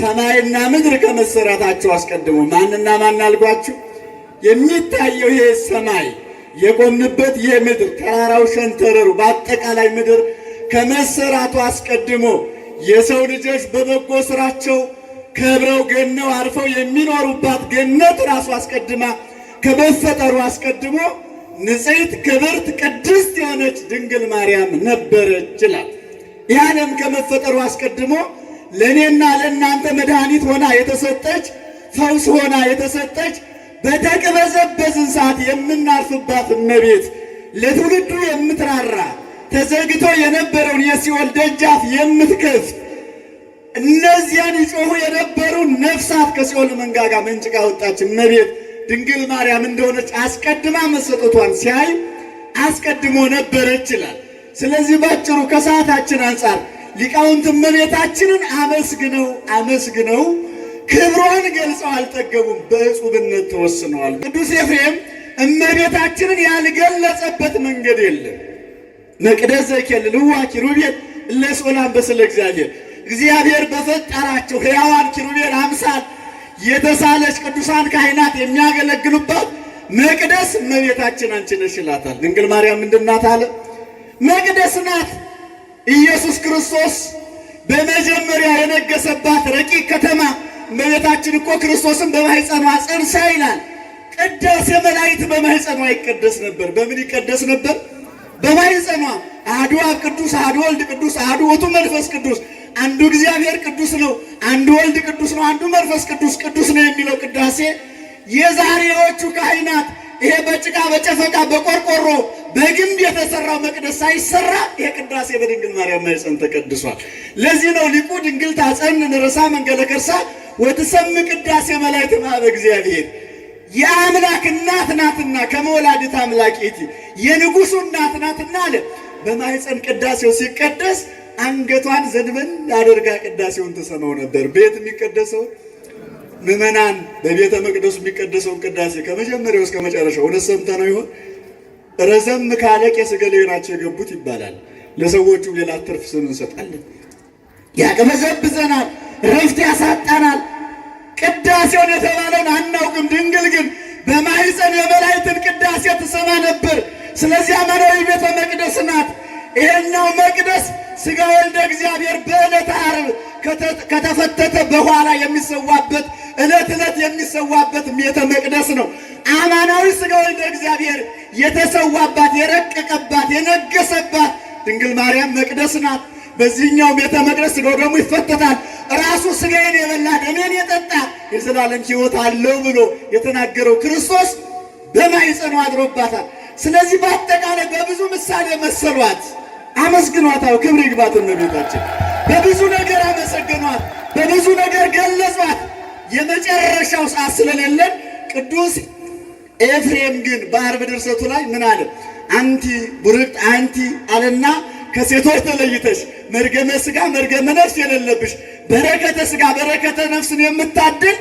ሰማይና ምድር ከመሰራታቸው አስቀድሞ ማንና ማን አልጓችሁ? የሚታየው ይሄ ሰማይ የቆምንበት ይሄ ምድር ተራራው፣ ሸንተረሩ በአጠቃላይ ምድር ከመሰራቱ አስቀድሞ የሰው ልጆች በበጎ ስራቸው ከብረው ገነው አርፈው የሚኖሩባት ገነት ራሱ አስቀድማ ከመፈጠሩ አስቀድሞ ንጽሕት ክብርት ቅድስት የሆነች ድንግል ማርያም ነበረች ይላል። ያንም ከመፈጠሩ አስቀድሞ ለእኔና ለእናንተ መድኃኒት ሆና የተሰጠች ፈውስ ሆና የተሰጠች በተቅበዘበዝን ሰዓት የምናርፍባት እመቤት ለትውልዱ የምትራራ ተዘግቶ የነበረውን የሲኦል ደጃፍ የምትከፍት እነዚያን ይጮሁ የነበሩ ነፍሳት ከሲኦል መንጋጋ መንጭቃ ወጣች እመቤት ድንግል ማርያም እንደሆነች አስቀድማ መሰጠቷን ሲያይ አስቀድሞ ነበረ ይችላል። ስለዚህ ባጭሩ ከሰዓታችን አንጻር ሊቃውንት እመቤታችንን አመስግነው አመስግነው ክብሯን ገልጸው አልጠገቡም፣ በእጹብነት ተወስነዋል። ቅዱስ ኤፍሬም እመቤታችንን ያልገለጸበት መንገድ የለም። መቅደስ ዘኬል ልዋ ኪሩቤል እለስኦላን በስለ እግዚአብሔር እግዚአብሔር በፈጠራቸው ሕያዋን ኪሩቤል አምሳል የተሳለች ቅዱሳን ካህናት የሚያገለግሉባት መቅደስ እመቤታችን አንቺ ነሽ ይላታል። ድንግል ማርያም ምንድን ናት አለ? መቅደስ ናት። ኢየሱስ ክርስቶስ በመጀመሪያ የነገሰባት ረቂቅ ከተማ እመቤታችን እኮ ክርስቶስን በማህፀኗ ጸንሳ ይላል። ቅዳሴ መላእክት በማኅፀኗ ይቀደስ ነበር። በምን ይቀደስ ነበር? በማኅፀኗ። አሐዱ አብ ቅዱስ፣ አሐዱ ወልድ ቅዱስ፣ አሐዱ ውእቱ መንፈስ ቅዱስ። አንዱ እግዚአብሔር ቅዱስ ነው፣ አንዱ ወልድ ቅዱስ ነው፣ አንዱ መንፈስ ቅዱስ ቅዱስ ነው የሚለው ቅዳሴ የዛሬዎቹ ካህናት ይሄ በጭቃ በጨፈቃ በቆርቆሮ በግንብ የተሰራው መቅደስ ሳይሰራ የቅዳሴ በድንግል ማርያም ማኅፀን ተቀድሷል። ለዚህ ነው ሊቁ ድንግል ታጸንን ርሳ መንገለ ከርሳ ወትሰም ቅዳሴ መላእክት ማበ እግዚአብሔር የአምላክ እናት ናትና ከመወላዲት አምላክ የንጉሱ እናት ናትና አለ። በማኅፀን ቅዳሴው ሲቀደስ አንገቷን ዘንበል አድርጋ ቅዳሴውን ተሰማው ነበር። ቤት የሚቀደሰው ምዕመናን በቤተ መቅደሱ የሚቀደሰውን ቅዳሴ ከመጀመሪያው እስከ መጨረሻው እውነት ሰምተ ነው ይሆን? ረዘም ካለ ቄስ ገሌ ናቸው የገቡት ይባላል። ለሰዎቹ ሌላ ትርፍ ስም እንሰጣለን። ያቅበዘብዘናል፣ ረፍት ያሳጣናል። ቅዳሴውን የተባለውን አናውቅም። ድንግል ግን በማይፀን የመላእክትን ቅዳሴ ትሰማ ነበር። ስለዚህ አማናዊ ቤተ መቅደስ ናት። ይሄኛው መቅደስ ሥጋ ወልደ እግዚአብሔር በዕለተ ዓርብ ከተፈተተ በኋላ የሚሰዋበት ዕለት ዕለት የሚሰዋበት ቤተ መቅደስ ነው። ብርሃናዊ ሥጋውን ለእግዚአብሔር የተሰዋባት የረቀቀባት የነገሰባት ድንግል ማርያም መቅደስ ናት። በዚህኛው ቤተ መቅደስ ስጋው ደግሞ ይፈተታል። ራሱ ስጋዬን የበላ ደሜን የጠጣ የዘላለም ሕይወት አለው ብሎ የተናገረው ክርስቶስ በማኅፀኗ አድሮባታል። ስለዚህ በአጠቃላይ በብዙ ምሳሌ መሰሏት፣ አመስግኗታው። ክብር ይግባት እመቤታችን። በብዙ ነገር አመሰግኗት፣ በብዙ ነገር ገለጿት። የመጨረሻው ሰዓት ስለሌለን ቅዱስ ኤፍሬም ግን በአርብ ድርሰቱ ላይ ምን አለ? አንቲ ቡርቅት አንቲ አለና ከሴቶች ተለይተሽ መርገመ ስጋ መርገመ ነፍስ የሌለብሽ በረከተ ስጋ በረከተ ነፍስን የምታድል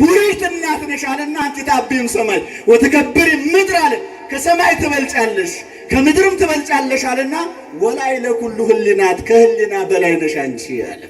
ቡሪት እናት ነሽ አለና አንቲ ታብይም ሰማይ ወተከብሪ ምድር አለ ከሰማይ ትበልጫለሽ ከምድርም ትበልጫለሽ አለና ወላይ ለኩሉ ህሊናት ከህሊና በላይ ነሽ አንቺ አለ።